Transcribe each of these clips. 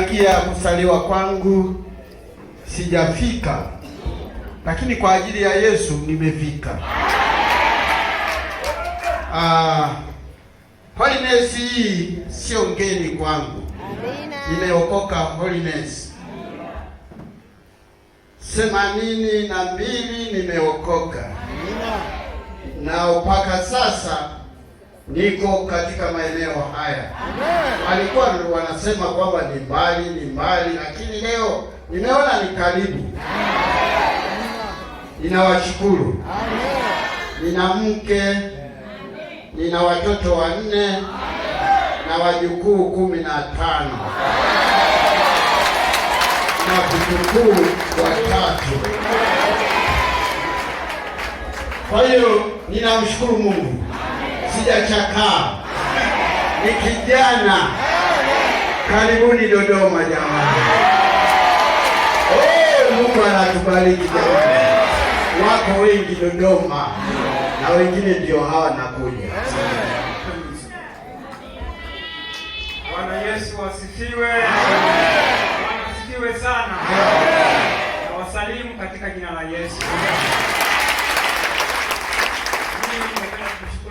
tangia kusaliwa kwangu sijafika, lakini kwa ajili ya Yesu nimefika. Ah, holiness hii sio ngeni kwangu, nimeokoka holiness themanini na mbili nimeokoka na mpaka sasa niko katika maeneo haya. Alikuwa wanasema kwamba ni mbali ni mbali, lakini leo nimeona ni karibu. Ninawashukuru. Nina mke, nina watoto wanne na wajukuu kumi na tano na vijukuu watatu. Kwa hiyo ninamshukuru Mungu hakijachakaa, ni kijana. Karibuni Dodoma jamani. Oh, Mungu anatubariki jamani, wako wengi Dodoma na wengine ndio hawa nakuja. Bwana Yesu asifiwe, asifiwe sana. Nawasalimu katika jina la Yesu.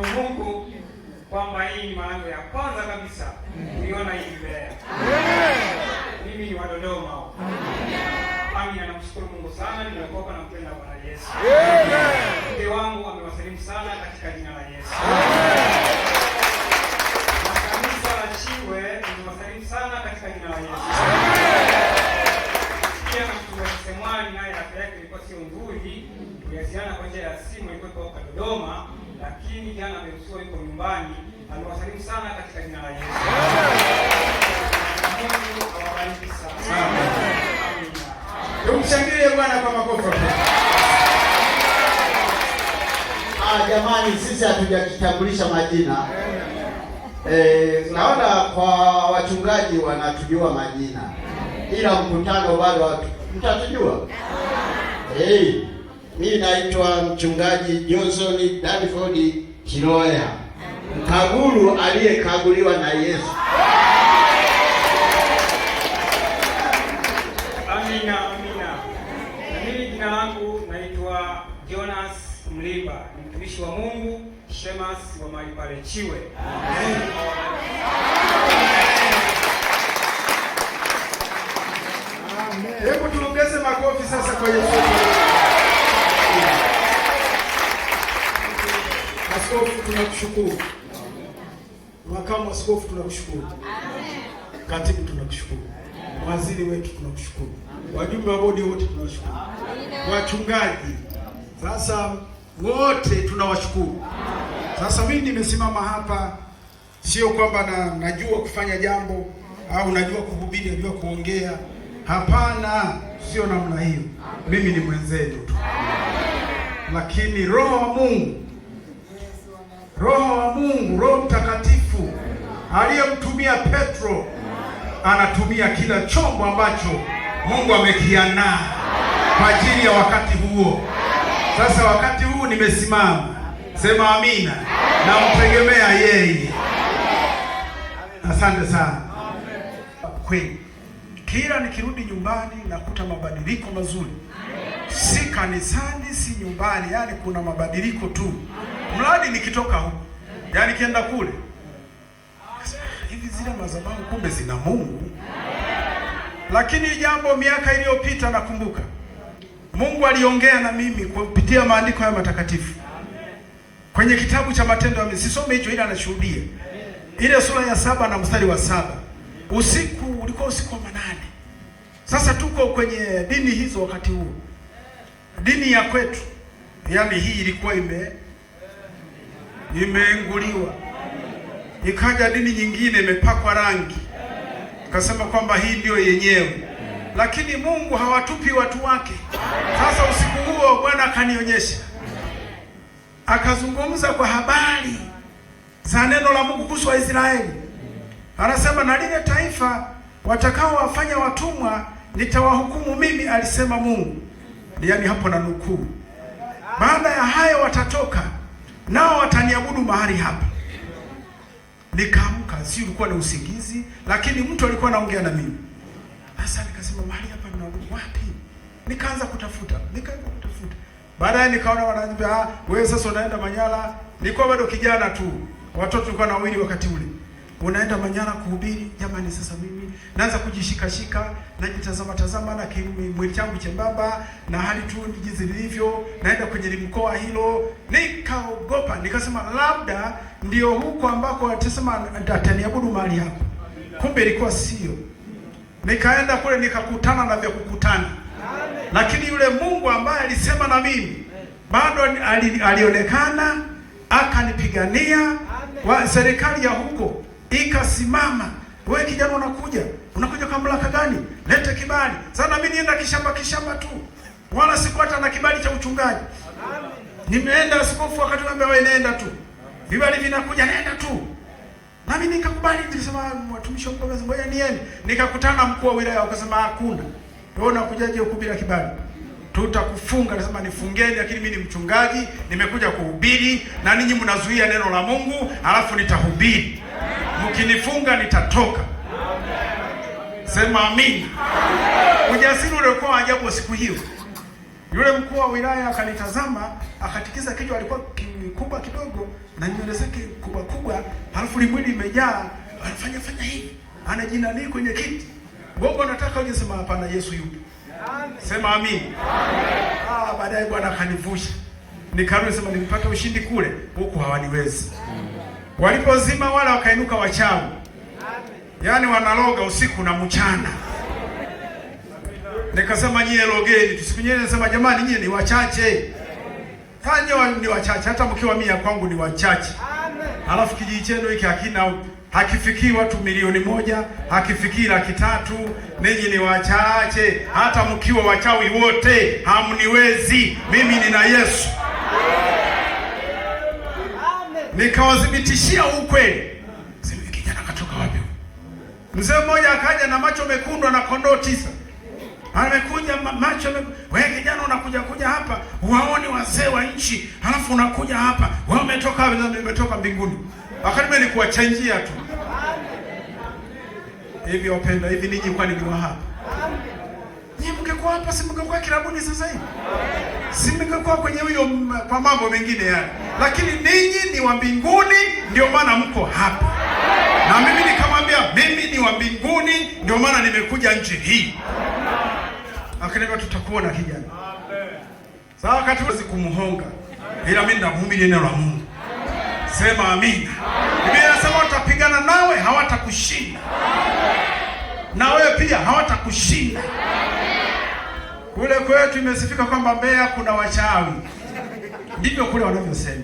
Tunamshukuru Mungu kwamba hii ni mara ya kwanza kabisa kuiona hii Mbeya. Mimi ni wa Dodoma. Amina, namshukuru Mungu sana, nimekoka na mpenda Bwana Yesu. Mke wangu amewasalimu sana katika jina la Yesu. Kanisa la Chiwe nimewasalimu sana katika jina la Yesu. Pia mtu wa naye afya yake ilikuwa sio nzuri, tuliasiana kwa njia ya simu, ilikuwa kwa Dodoma lakini jana ameruhusiwa, yuko nyumbani. Amewasalimu sana katika jina la Yesu. Mungu awabariki sana. Tumshangilie Bwana kwa makofi. Ah, jamani, sisi hatujakitambulisha majina eh, naona kwa wachungaji wanatujua majina, ila mkutano bado mtatujua. Hey. Eh mimi naitwa mchungaji Johnson Danford Kiroya, mkaguru aliyekaguliwa na Yesu. Amina, amina. Na mimi jina langu naitwa Jonas Mliba, ni mtumishi wa Mungu Shemas wa mahali pale Chiwe. Hebu tuongeze makofi sasa kwa Yesu. askofu tunakushukuru. Makamu askofu tunakushukuru. Katibu tunakushukuru. Waziri wetu tunakushukuru. Wajumbe wa bodi wote tunawashukuru. Wachungaji sasa wote tunawashukuru. Sasa mimi nimesimama hapa sio kwamba na, najua kufanya jambo au najua kuhubiri, najua kuongea. Hapana, sio namna hiyo. Mimi ni mwenzenu tu, lakini roho wa Mungu Roho wa Mungu, Roho Mtakatifu aliyemtumia Petro anatumia kila chombo ambacho Mungu amekiandaa kwa ajili ya wakati huo. Sasa wakati huu nimesimama, sema amina, namtegemea yeye. Asante sana. Kweli kila nikirudi nyumbani nakuta mabadiliko mazuri, si kanisani, si nyumbani, yaani kuna mabadiliko tu mradi nikitoka huku, yaani kienda kule hivi, zile madhabahu kumbe zina Mungu. Lakini jambo miaka iliyopita nakumbuka Mungu aliongea na mimi kupitia maandiko ya matakatifu kwenye kitabu cha Matendo ya Mitume, sisome hicho, ila anashuhudia ile sura ya saba na mstari wa saba. Usiku ulikuwa usiku wa manane. Sasa tuko kwenye dini hizo, wakati huo dini ya kwetu, yaani hii ilikuwa ime imeenguliwa, ikaja dini nyingine imepakwa rangi, tukasema kwamba hii ndiyo yenyewe, lakini Mungu hawatupi watu wake. Sasa usiku huo Bwana akanionyesha, akazungumza kwa habari za neno la Mungu kuhusu Waisraeli. Anasema, na lile taifa watakaowafanya watumwa nitawahukumu mimi, alisema Mungu. Yaani hapo na nukuu, baada ya hayo watatoka nao wataniabudu mahali hapa. Nikaamka, si ulikuwa na usingizi, lakini mtu alikuwa anaongea na mimi. Sasa nikasema mahali hapa ninaabudu wapi? Nikaanza kutafuta, nikaanza kutafuta. Baadaye nikaona wananiambia, ah, wewe sasa unaenda Manyara. Nilikuwa bado kijana tu, watoto walikuwa na wawili wakati ule unaenda Manyara kuhubiri. Jamani, sasa mimi naanza kujishikashika, najitazama tazama na mwili changu chembamba na hali tu ndiji zilivyo, naenda kwenye mkoa hilo, nikaogopa, nikasema labda ndio huko ambako atasema ataniabudu mahali hapo, kumbe ilikuwa sio. Nikaenda kule nikakutana na vya kukutana, lakini yule Mungu ambaye alisema na mimi bado alionekana, akanipigania wa serikali ya huko ikasimama. Wewe kijana unakuja, unakuja kwa mamlaka gani? Lete kibali. Sasa mimi nienda kishamba kishamba tu. Wala siku hata na kibali cha uchungaji. Nimeenda askofu wakati naambia wewe nenda tu. Vibali vinakuja nenda tu. Na mimi nikakubali nilisema watumishi wa mkoa ngoja niende. Nikakutana mkuu wa wilaya akasema hakuna. Wewe unakujaje huku bila kibali? Tutakufunga. Nasema nifungeni, lakini mimi ni mchungaji, nimekuja kuhubiri na ninyi mnazuia neno la Mungu, alafu nitahubiri mkinifunga nitatoka. Amen. Sema amina. Ujasiri uliokuwa ajabu siku hiyo, yule mkuu wa wilaya akanitazama, akatikiza kichwa, alikuwa kikubwa kidogo na nywele zake kubwa kubwa, halafu limwili imejaa, anafanya fanya hivi, ana jina lii kwenye kiti gogo, nataka uje. Sema hapana, Yesu yupo. Sema Amen. Ah, baadaye Bwana akanivusha nikarudi, sema nilipata ushindi kule, huku hawaniwezi Walipozima wala wakainuka wachawi, yaani wanaloga usiku na mchana. Nikasema nyie logeni, siku nyingine nasema jamani, nyie ni wachache Tanya ni wachache, hata mkiwa mia kwangu ni wachache. Alafu kijiji chenu hiki hakina hakifikii watu milioni moja, hakifikii laki tatu. Ninyi ni wachache, hata mkiwa wachawi wote hamniwezi. Mimi nina Yesu nikawathibitishia ukweli. Kijana katoka wapi? Mzee mmoja akaja na macho mekundu na kondoo tisa, amekuja macho mekundu. Wewe kijana unakuja kuja hapa waoni wazee wa nchi, halafu unakuja hapa wewe, umetoka umetoka mbinguni? Wakati mimi nilikuwachanjia tu hivi wapenda hivi, ninyi kwani ni wa hapa mngekuwa hapa, si mngekuwa kilabuni sasa hivi, si mngekuwa kwenye huyo kwa mambo mengine yale, lakini ninyi ni wa mbinguni, ndio maana mko hapa. Na mimi nikamwambia mimi ni wa mbinguni, ndio maana nimekuja nchi hii. Akaniambia tutakuona kijana. Sasa wakati huwezi kumhonga, ila mimi ninamhubiri neno la Mungu. Sema amina. Biblia inasema watapigana nawe, hawatakushinda na wewe pia hawatakushinda. Kule kwetu imesifika kwamba Mbeya kuna wachawi, ndivyo kule wanavyosema.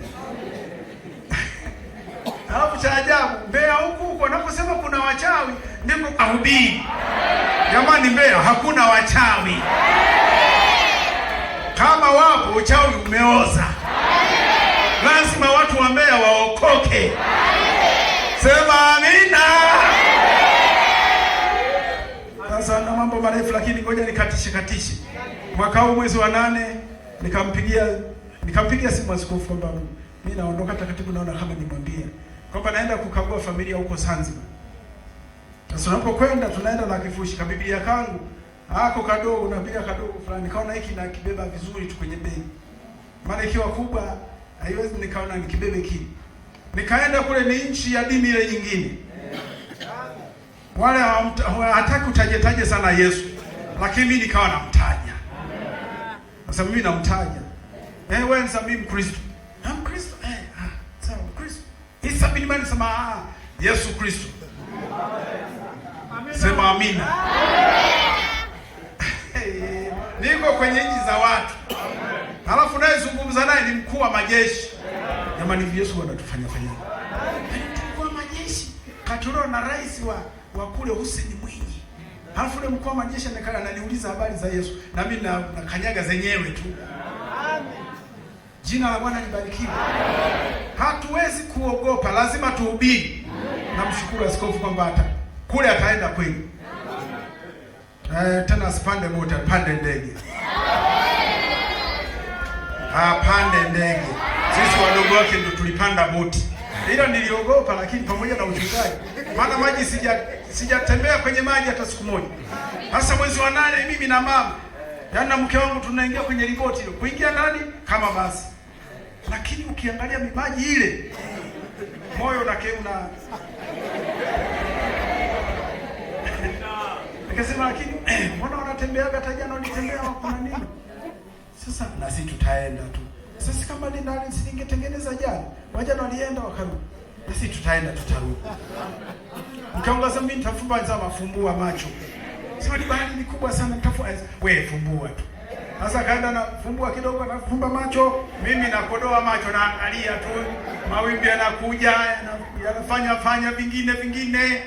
Alafu cha ajabu, Mbeya huku huku wanaposema kuna wachawi ndipo ahubiri. Jamani, Mbeya hakuna wachawi, kama wapo uchawi umeoza. Lazima watu wa Mbeya waokoke. Sema amina. Sasa na mambo marefu, lakini ngoja nikatishe katishe mwaka huu mwezi wa nane nikampigia nikampigia simu askofu kwamba mimi naondoka takatifu, naona kama nimwambie kwamba naenda kukagua familia huko Zanzibar. Sasa unapokwenda tunaenda na kifushi kabibia kangu hako kadogo, unapiga kadogo fulani, nikaona hiki na kibeba vizuri tu kwenye bei, maana ikiwa kubwa haiwezi, nikaona nikibebe kile. Nikaenda kule, ni nchi ya dini ile nyingine, wale hataki utajetaje sana Yesu, lakini mimi nikawa namtaja kwa sababu mimi namtaja eh, wewe ni sabii Mkristo na ah, Mkristo eh, ah, sawa Mkristo Isa bin Maryam sema ah, Yesu Kristo. Sema amina. Hey, eh, niko kwenye nchi za watu halafu naye zungumza naye ni mkuu wa majeshi. Jamani, Yesu anatufanya fanya Ni mkuu wa majeshi katuro na rais wa wa kule Hussein Mwinyi Halafu yule mkuu wa majeshi anakaa ananiuliza habari za Yesu, na mimi na, na kanyaga zenyewe tu. Amen. Jina la Bwana libarikiwe. Hatuwezi kuogopa, lazima tuhubiri. Namshukuru askofu kwamba hata kule ataenda kweli. Eh, tena asipande moto, apande ndege. apande ndege. Sisi wadogo wake ndio tulipanda boti ila niliogopa, lakini pamoja na uchungaji, maana maji sija sijatembea kwenye maji hata siku moja. Sasa mwezi wa nane mimi na mama yaani na mke wangu tunaingia kwenye ripoti hiyo, kuingia ndani kama basi, lakini ukiangalia mimaji ile moyo nake una nikasema lakini mbona wanatembeaga tajana walitembea wakuna nini? Sasa na sisi tutaenda tu sisi kama dinari singetengeneza jana, wajana walienda wakarudi, sisi tutaenda tutarudi. Mkaongeza mimi nitafumba za mafumbua macho. Sio ni bahari ni kubwa sana nitafua. we fumbua tu. Sasa kaenda na fumbua kidogo na fumba macho, mimi nakodoa macho na angalia tu mawimbi yanakuja yanafanya fanya vingine vingine.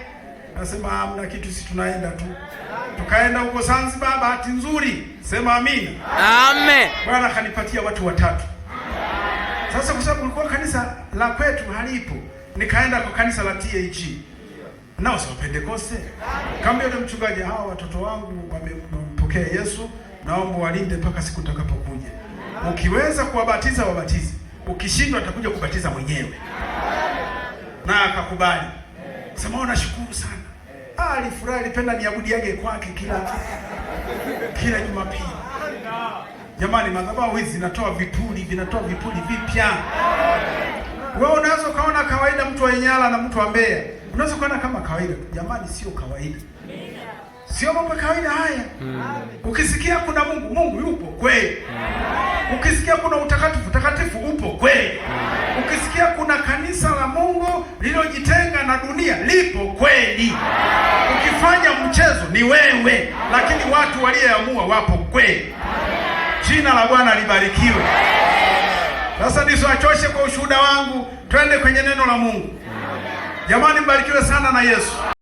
Nasema hamna kitu, si tunaenda tu. Tukaenda huko Zanzibar, bahati nzuri. Sema amina. Amen. Bwana kanipatia watu watatu. Sasa kwa sababu kulikuwa kanisa la kwetu halipo, nikaenda kwa kanisa la TAG nao sio Pentekoste. Kama yule mchungaji, hawa watoto wangu wamempokea Yesu, naomba walinde mpaka siku utakapokuja. Ukiweza kuwabatiza wabatize, ukishindwa atakuja kubatiza mwenyewe. Na akakubali sema, oh, shukuru sana. Ah, alifurahi, alipenda niabudi yake kwake kila kila Jumapili. Jamani, madhabahu hizi zinatoa vipuli, vinatoa vipuli vipya. Wewe unaweza ukaona kawaida mtu wa Inyala na mtu wa Mbeya, unaweza ukaona kama kawaida. Jamani, sio kawaida, sio mambo kawaida haya. Hmm. Ukisikia kuna Mungu, Mungu yupo kweli. Hmm. Ukisikia kuna utakatifu, utakatifu upo kweli. Hmm. Ukisikia kuna kanisa la Mungu lililojitenga na dunia, lipo kweli. Ukifanya mchezo ni wewe, lakini watu walioamua wapo kweli. Jina la Bwana libarikiwe. Sasa nisiwachoshe kwa ushuhuda wangu, twende kwenye neno la Mungu. Jamani, mbarikiwe sana na Yesu.